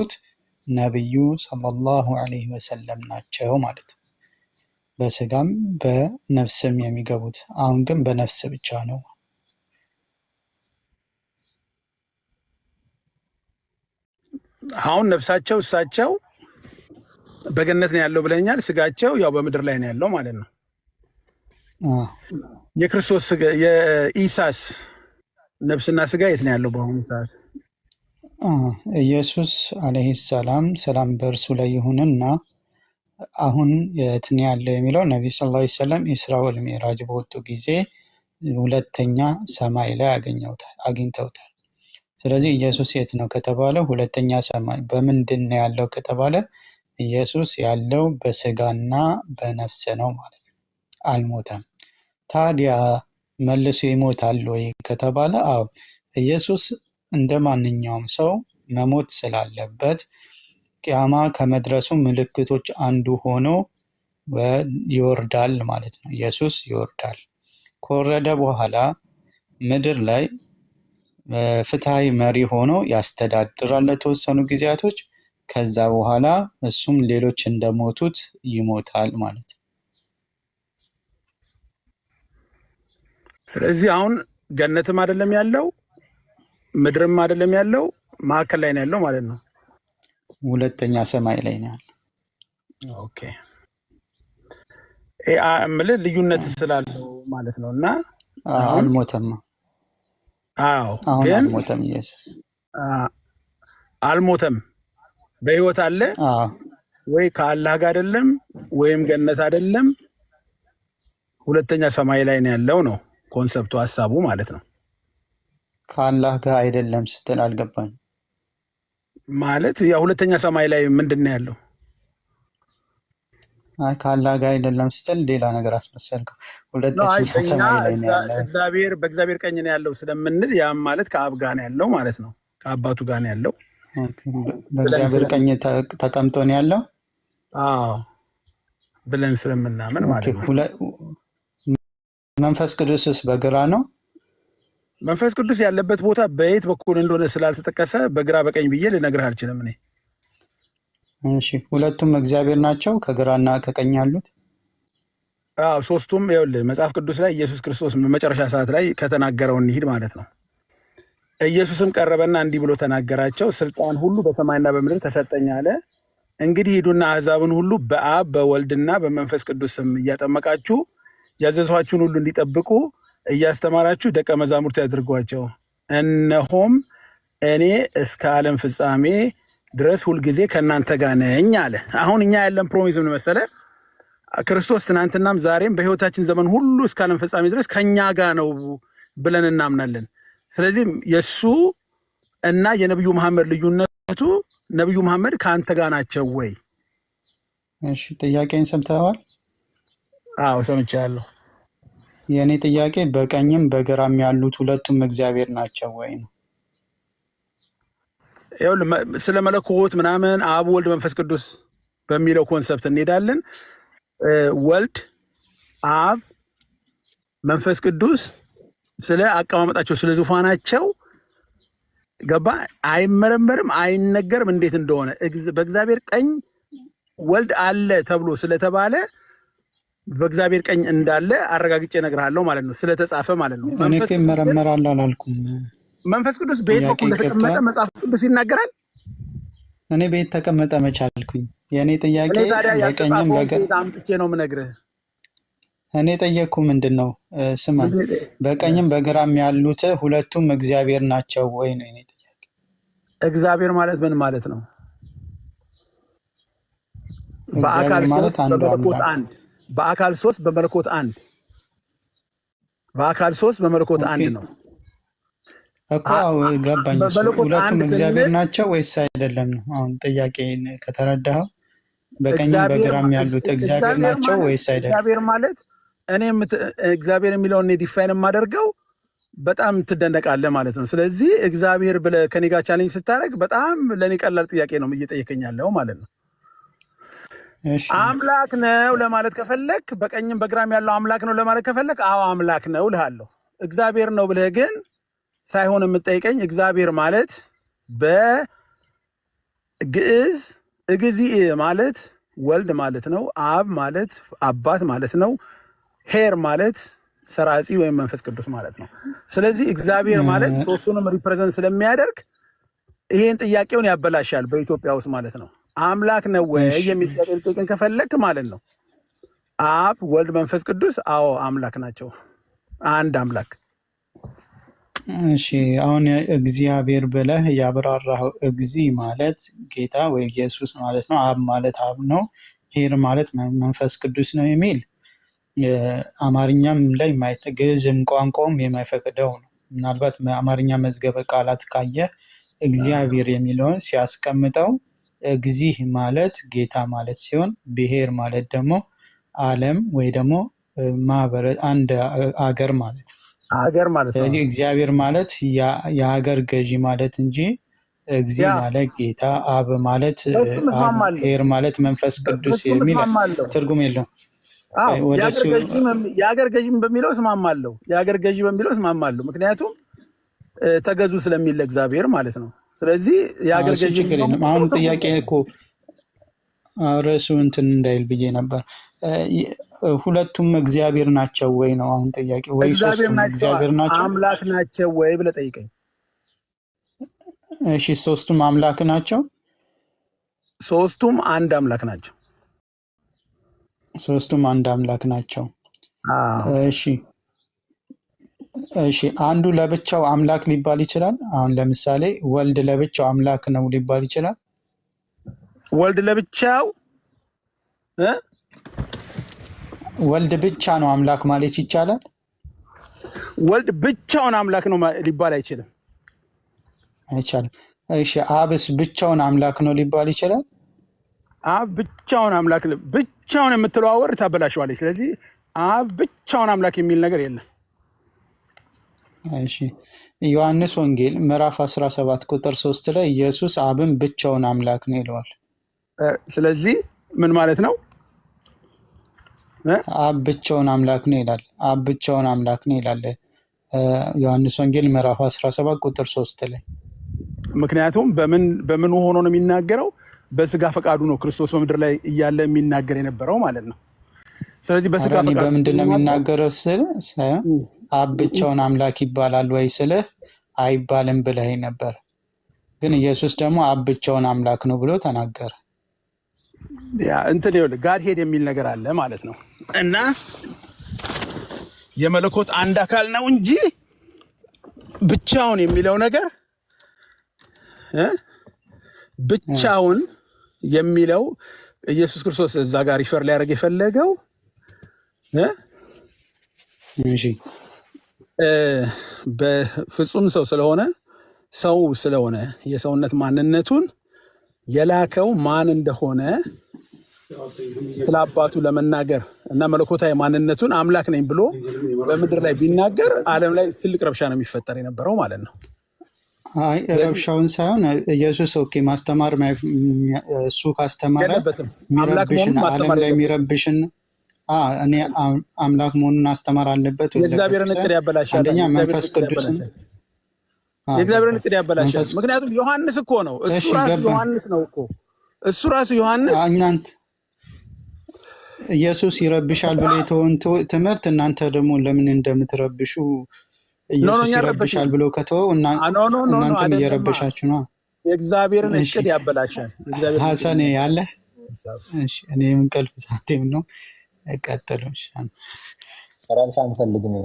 የሚያደርጉት ነቢዩ ሰለላሁ ዐለይሂ ወሰለም ናቸው ማለት ነው። በስጋም በነፍስም የሚገቡት አሁን ግን በነፍስ ብቻ ነው። አሁን ነፍሳቸው እሳቸው በገነት ነው ያለው ብለኛል። ስጋቸው ያው በምድር ላይ ነው ያለው ማለት ነው። የክርስቶስ ስጋ የኢሳስ ነፍስና ስጋ የት ነው ያለው በአሁኑ ሰዓት? ኢየሱስ አለህ ሰላም ሰላም በእርሱ ላይ ይሁንና አሁን የትን ያለው የሚለው ነቢ ስ ላ ሰለም ኢስራ ወል በወጡ ጊዜ ሁለተኛ ሰማይ ላይ አግኝተውታል። ስለዚህ ኢየሱስ የት ነው ከተባለ ሁለተኛ ሰማይ። በምንድን ያለው ከተባለ ኢየሱስ ያለው በስጋና በነፍስ ነው ማለት ነው፣ አልሞተም። ታዲያ መልሶ ይሞታል ወይ ከተባለ አዎ ኢየሱስ እንደማንኛውም ሰው መሞት ስላለበት ቅያማ ከመድረሱ ምልክቶች አንዱ ሆኖ ይወርዳል ማለት ነው። ኢየሱስ ይወርዳል። ከወረደ በኋላ ምድር ላይ ፍትሐዊ መሪ ሆኖ ያስተዳድራል ለተወሰኑ ጊዜያቶች። ከዛ በኋላ እሱም ሌሎች እንደሞቱት ይሞታል ማለት ነው። ስለዚህ አሁን ገነትም አይደለም ያለው ምድርም አይደለም ያለው ማዕከል ላይ ነው ያለው ማለት ነው። ሁለተኛ ሰማይ ላይ ነው ያለው። ኦኬ ልዩነት ስላለው ማለት ነው። እና አልሞተም። አዎ አልሞተም። ኢየሱስ አልሞተም፣ በህይወት አለ። ወይ ከአላህ ጋር አይደለም፣ ወይም ገነት አይደለም። ሁለተኛ ሰማይ ላይ ነው ያለው ነው ኮንሰፕቱ፣ ሀሳቡ ማለት ነው። ከአላህ ጋር አይደለም ስትል አልገባን ማለት ያ ሁለተኛ ሰማይ ላይ ምንድን ነው ያለው? ከአላህ ጋር አይደለም ስትል ሌላ ነገር አስመሰልከው። ሁለተኛ ሰማይ ላይ ነው ያለው። በእግዚአብሔር ቀኝ ነው ያለው ስለምንል ያም ማለት ከአብ ጋር ነው ያለው ማለት ነው። ከአባቱ ጋር ነው ያለው። በእግዚአብሔር ቀኝ ተቀምጦ ነው ያለው ብለን ስለምናምን ማለት ነው። መንፈስ ቅዱስስ በግራ ነው መንፈስ ቅዱስ ያለበት ቦታ በየት በኩል እንደሆነ ስላልተጠቀሰ በግራ በቀኝ ብዬ ልነግርህ አልችልም። እኔ እሺ፣ ሁለቱም እግዚአብሔር ናቸው ከግራና ከቀኝ ያሉት? አዎ፣ ሶስቱም። ይኸውልህ መጽሐፍ ቅዱስ ላይ ኢየሱስ ክርስቶስ በመጨረሻ ሰዓት ላይ ከተናገረው እንሂድ ማለት ነው። ኢየሱስም ቀረበና እንዲህ ብሎ ተናገራቸው፣ ስልጣን ሁሉ በሰማይና በምድር ተሰጠኝ አለ። እንግዲህ ሂዱና አሕዛብን ሁሉ በአብ በወልድና በመንፈስ ቅዱስ ስም እያጠመቃችሁ ያዘዝኋችሁን ሁሉ እንዲጠብቁ እያስተማራችሁ ደቀ መዛሙርት ያድርጓቸው። እነሆም እኔ እስከ ዓለም ፍጻሜ ድረስ ሁልጊዜ ከእናንተ ጋር ነኝ አለ። አሁን እኛ ያለን ፕሮሚስ ምን መሰለ? ክርስቶስ ትናንትናም ዛሬም በህይወታችን ዘመን ሁሉ እስከ ዓለም ፍጻሜ ድረስ ከእኛ ጋር ነው ብለን እናምናለን። ስለዚህ የእሱ እና የነቢዩ መሐመድ ልዩነቱ ነቢዩ መሐመድ ከአንተ ጋር ናቸው ወይ? እሺ፣ ጥያቄን ሰምተዋል? አዎ ሰምቻለሁ። የእኔ ጥያቄ በቀኝም በግራም ያሉት ሁለቱም እግዚአብሔር ናቸው ወይ ነው። ይኸውልህ ስለ መለኮት ምናምን አብ ወልድ መንፈስ ቅዱስ በሚለው ኮንሰፕት እንሄዳለን። ወልድ አብ መንፈስ ቅዱስ ስለ አቀማመጣቸው ስለ ዙፋናቸው ገባ አይመረመርም፣ አይነገርም እንዴት እንደሆነ በእግዚአብሔር ቀኝ ወልድ አለ ተብሎ ስለተባለ በእግዚአብሔር ቀኝ እንዳለ አረጋግጬ እነግርሃለሁ ማለት ነው። ስለተጻፈ ማለት ነው። እኔ እኮ ይመረመራል አላልኩም። መንፈስ ቅዱስ በየት በኩል እንደተቀመጠ መጽሐፍ ቅዱስ ይናገራል። እኔ በየት ተቀመጠ መቻልኩኝ። የእኔ ጥያቄ በቀኝም አምጥቼ ነው የምነግርህ። እኔ ጠየቅኩ ምንድን ነው ስማ፣ በቀኝም በግራም ያሉት ሁለቱም እግዚአብሔር ናቸው ወይ ነው የእኔ ጥያቄ። እግዚአብሔር ማለት ምን ማለት ነው? በአካል ማለት አንድ በአካል ሶስት በመለኮት አንድ በአካል ሶስት በመለኮት አንድ ነው እኮ ገባኝ። ሁለቱም እግዚአብሔር ናቸው ወይስ አይደለም ነው አሁን ጥያቄ ከተረዳኸው፣ በቀኝም በግራም ያሉት እግዚአብሔር ናቸው ወይስ አይደለም? እግዚአብሔር ማለት እኔ እግዚአብሔር የሚለውን እኔ ዲፋይን የማደርገው በጣም ትደነቃለህ ማለት ነው። ስለዚህ እግዚአብሔር ብለህ ከኔ ጋር ቻለኝ ስታደርግ በጣም ለእኔ ቀላል ጥያቄ ነው እየጠየቀኛለሁ ማለት ነው። አምላክ ነው ለማለት ከፈለክ በቀኝም በግራም ያለው አምላክ ነው ለማለት ከፈለክ አዎ አምላክ ነው እልሃለሁ። እግዚአብሔር ነው ብለህ ግን ሳይሆን የምጠይቀኝ እግዚአብሔር ማለት በግዕዝ እግዚእ ማለት ወልድ ማለት ነው። አብ ማለት አባት ማለት ነው። ሄር ማለት ሰራጺ ወይም መንፈስ ቅዱስ ማለት ነው። ስለዚህ እግዚአብሔር ማለት ሶስቱንም ሪፕሬዘንት ስለሚያደርግ ይሄን ጥያቄውን ያበላሻል በኢትዮጵያ ውስጥ ማለት ነው። አምላክ ነው ወይ የሚል ጥያቄን ከፈለክ ማለት ነው አብ ወልድ መንፈስ ቅዱስ አዎ አምላክ ናቸው። አንድ አምላክ። እሺ አሁን እግዚአብሔር ብለህ ያብራራ እግዚ ማለት ጌታ ወይ ኢየሱስ ማለት ነው። አብ ማለት አብ ነው። ሄር ማለት መንፈስ ቅዱስ ነው የሚል አማርኛም ላይ ግዕዝም ቋንቋውም የማይፈቅደው ነው። ምናልባት አማርኛ መዝገበ ቃላት ካየ እግዚአብሔር የሚለውን ሲያስቀምጠው እግዚህ ማለት ጌታ ማለት ሲሆን ብሔር ማለት ደግሞ ዓለም ወይ ደግሞ ማህበረ አንድ አገር ማለት ነው። አገር ማለት ነው። ስለዚህ እግዚአብሔር ማለት የሀገር ገዢ ማለት እንጂ እግዚ ማለት ጌታ፣ አብ ማለት ር ማለት መንፈስ ቅዱስ የሚል ትርጉም የለው። የሀገር ገዢ በሚለው እስማማለሁ። የሀገር ገዢ በሚለው እስማማለሁ። ምክንያቱም ተገዙ ስለሚል እግዚአብሔር ማለት ነው። ስለዚህ የሀገር ገዥ አሁን ጥያቄ እኮ ርዕሱ እንትን እንዳይል ብዬ ነበር። ሁለቱም እግዚአብሔር ናቸው ወይ ነው አሁን ጥያቄ፣ ወይ ሦስቱም እግዚአብሔር ናቸው አምላክ ናቸው ወይ ብለህ ጠይቀኝ። እሺ ሶስቱም አምላክ ናቸው። ሶስቱም አንድ አምላክ ናቸው። ሶስቱም አንድ አምላክ ናቸው። እሺ እሺ አንዱ ለብቻው አምላክ ሊባል ይችላል። አሁን ለምሳሌ ወልድ ለብቻው አምላክ ነው ሊባል ይችላል። ወልድ ለብቻው ወልድ ብቻ ነው አምላክ ማለት ይቻላል። ወልድ ብቻውን አምላክ ነው ሊባል አይችልም፣ አይቻልም። እሺ አብስ ብቻውን አምላክ ነው ሊባል ይችላል። አብ ብቻውን አምላክ ብቻውን የምትለዋወር ታበላሸዋለች። ስለዚህ አብ ብቻውን አምላክ የሚል ነገር የለም። እሺ ዮሐንስ ወንጌል ምዕራፍ 17 ቁጥር 3 ላይ ኢየሱስ አብን ብቻውን አምላክ ነው ይለዋል። ስለዚህ ምን ማለት ነው? አብ ብቻውን አምላክ ነው ይላል። አብ ብቻውን አምላክ ነው ይላል ዮሐንስ ወንጌል ምዕራፍ 17 ቁጥር 3 ላይ። ምክንያቱም በምን በምን ሆኖ ነው የሚናገረው? በስጋ ፈቃዱ ነው ክርስቶስ በምድር ላይ እያለ የሚናገር የነበረው ማለት ነው። ስለዚህ በስጋ ፈቃዱ በምንድን ነው የሚናገረው? ስል አብ ብቻውን አምላክ ይባላል ወይ ስልህ አይባልም ብለህ ነበር። ግን ኢየሱስ ደግሞ አብ ብቻውን አምላክ ነው ብሎ ተናገረ። ያ እንትን ይኸውልህ ጋድ ሄድ የሚል ነገር አለ ማለት ነው እና የመለኮት አንድ አካል ነው እንጂ ብቻውን የሚለው ነገር ብቻውን የሚለው ኢየሱስ ክርስቶስ እዛ ጋር ይፈር ሊያደርግ የፈለገው በፍጹም ሰው ስለሆነ ሰው ስለሆነ የሰውነት ማንነቱን የላከው ማን እንደሆነ ስለ አባቱ ለመናገር እና መለኮታዊ ማንነቱን አምላክ ነኝ ብሎ በምድር ላይ ቢናገር ዓለም ላይ ትልቅ ረብሻ ነው የሚፈጠር የነበረው ማለት ነው። አይ ረብሻውን ሳይሆን ኢየሱስ ኦኬ ማስተማር እሱ ካስተማረ ሚረብሽን ዓለም ላይ የሚረብሽን እኔ አምላክ መሆኑን አስተማር አለበት። የእግዚአብሔርን እቅድ ያበላሻል። አንደኛ መንፈስ ቅዱስን የእግዚአብሔርን እቅድ ያበላሻል። ምክንያቱም ዮሐንስ እኮ ነው እሱ ራሱ ዮሐንስ ነው እኮ እሱ ራሱ ዮሐንስ እናንተ ኢየሱስ ይረብሻል ብሎ የተውን ትምህርት እናንተ ደግሞ ለምን እንደምትረብሹ ኢየሱስ ይረብሻል ብሎ ከተወው እናንተም እየረበሻችሁ ነው። የእግዚአብሔርን እቅድ ያበላሻል። ሀሰኔ ያለ እኔ የምንቀልፍ ሳቴም ነው አይቃጠልም። ፈረንሳ አንፈልግም።